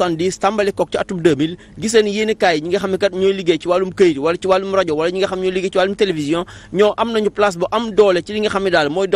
1970 tàmbali kook ci atum 2000 gis nañ yéen i kaay ñi nga xam ne kat ñooy liggéey ci wàllum këyit wala ci wàllum rajo wala ñi nga xam ñooy liggéey ci wàllum télévision ñoo am nañu place bu am doole ci li nga xam ne daal mooy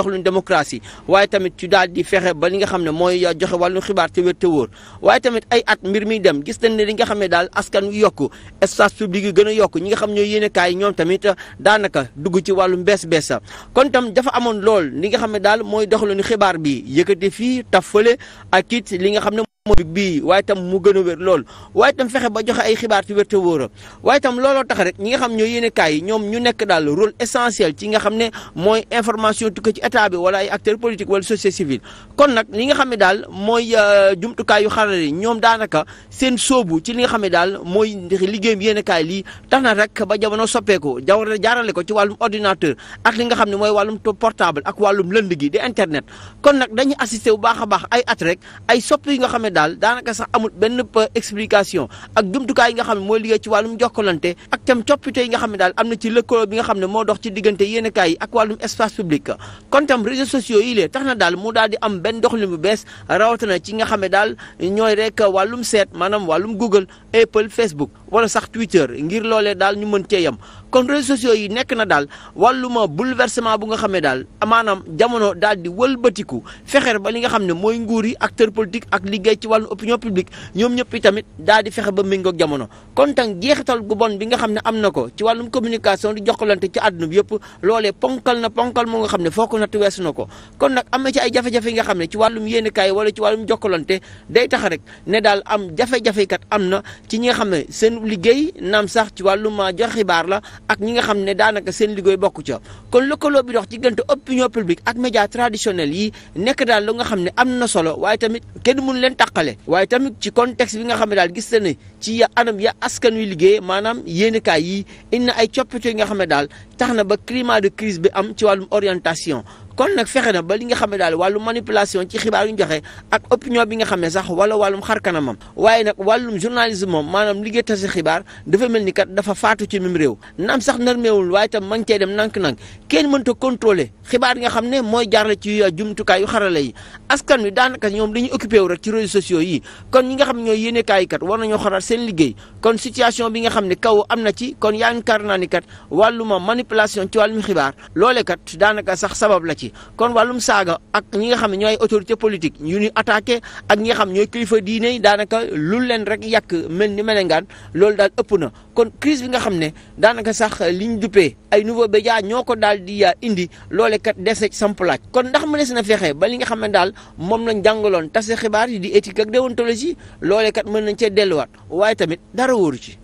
doxalin xibaar a bi yëkkati fii taf fële ak li nga xam ne mooy bii waaye tam mu gën a wér lool waaye tam fexe ba joxe ay xibaar ci wér te wóor waaye tam looloo tax rek ñi nga xam ñooy yéene yi ñoom ñu nekk daal rôle essentiel ci nga xam ne mooy information tukkee ci état bi wala ay acteurs politiques wala société civile kon nag li nga xam ne daal mooy euh, jumtukaay yu xarale yi ñoom daanaka seen sóobu ci li nga xam daal mooy liggéeyam yéene kaay lii tax na rek ba jamono soppeeku jaww jaarale ko ci wàllum ordinateur ak li nga xam ne mooy wàllum portable ak wàllum lënd gi de internet kon nag dañuy assister bu baax a baax ay at rek ay soppi yi nga xam ne daal daanaka sax amul benn explication ak jumtukaay yi nga xam ne mooy liggéey ci wàllum jokkalante ak tam coppite yi nga xam daal am na ci lëkkaloo bi nga xam ne moo dox ci diggante yéenekaay yi ak wàllum espace public kon tam réseaux sociaux yi lee tax na daal mu daal di am benn doxalin bu bees rawatina ci nga xam ne daal ñooy rek wàllum seet maanaam wàllum Google Apple Facebook wala sax Twitter ngir loolee daal ñu mën cee yem kon réseaux sociaux yi nekk na daal wàlluma bouleversement bu nga xam ne daal maanaam jamono daal di wëlbatiku fexe ba li nga xam ne mooy nguur yi acteur politique ak liggéey ci wàllu opinion publique ñoom ñëpp tamit daal di fexe ba méngoog jamono kon tan jeexital gu bon bi nga xam ne am na ko ci wàllum communication di jokkalante ci àdduna yëpp loolee ponkal na ponkal moo nga xam ne foo ko natt weesu na ko kon nag am na ci ay jafe-jafe nga xam ne ci wàllum yéenekaay wala ci wàllum jokkalante day tax rek ne daal am jafe kat am na ci ñi nga xam ne seen liggéey naam sax ci wàllum joxe xibaar la ak ñi nga xam ne daanaka seen liggéey bokku ca kon lëkkaloo bi dox ci diggante opinion publique ak média traditionnel yi nekk daal lu nga xam ne am na solo waaye tamit kenn mun leen taqale waaye tamit ci contexte bi nga xam ne daal gis na ne ci ya anam ya askan wi liggéey maanaam yéenekaay yi indi ay coppite yi nga xam ne daal tax na ba climat de crise bi am ci wàllum orientation kon nag fexe na ba li nga xam ne daal wàllu manipulation ci xibaar yu ñu joxe ak opinion bi nga xam ne sax wala wàllum xar kanamam waaye nag wàllum journalisme moom maanaam liggéey tase xibaar dafa mel ni kat dafa faatu ci même réew naam sax narmeewul waaye tam ma ngi cay dem nank-nank kenn mënta contrôler xibaar yi nga xam ne mooy jaarale ci jumtukaay yu xarala yi askan wi daanaka ñoom dañuy occupé wu rek ci réseaux sociaux yi kon ñi nga xam ne ñooy yéenekaay kat war nañoo xalaat seen liggéey kon situation bi nga xam ne kaw am na ci kon yaankaar naa ni kat wàlluma manipulation ci wàllum xibaar loole daanaka sax sabab la ci ci kon wàllum saaga ak ñi nga xam ne ñooy autorité politique yu ñu attaqué ak ñi xam ñooy kilifa diine yi daanaka lu leen rek yàq mel ni melengaan loolu daal ëpp na kon crise bi nga xam ne daanaka sax liñ duppee ay nouveau média ñoo ko daal di ah, indi loole kat des na ci sampalaaj kon ndax ma mu des na fexe ba li nga xam ne daal moom lañ jàngaloon tase xibaar yi di éthique ak déontologie loole kat mën nañ cee delluwaat waaye tamit dara wóoru ci.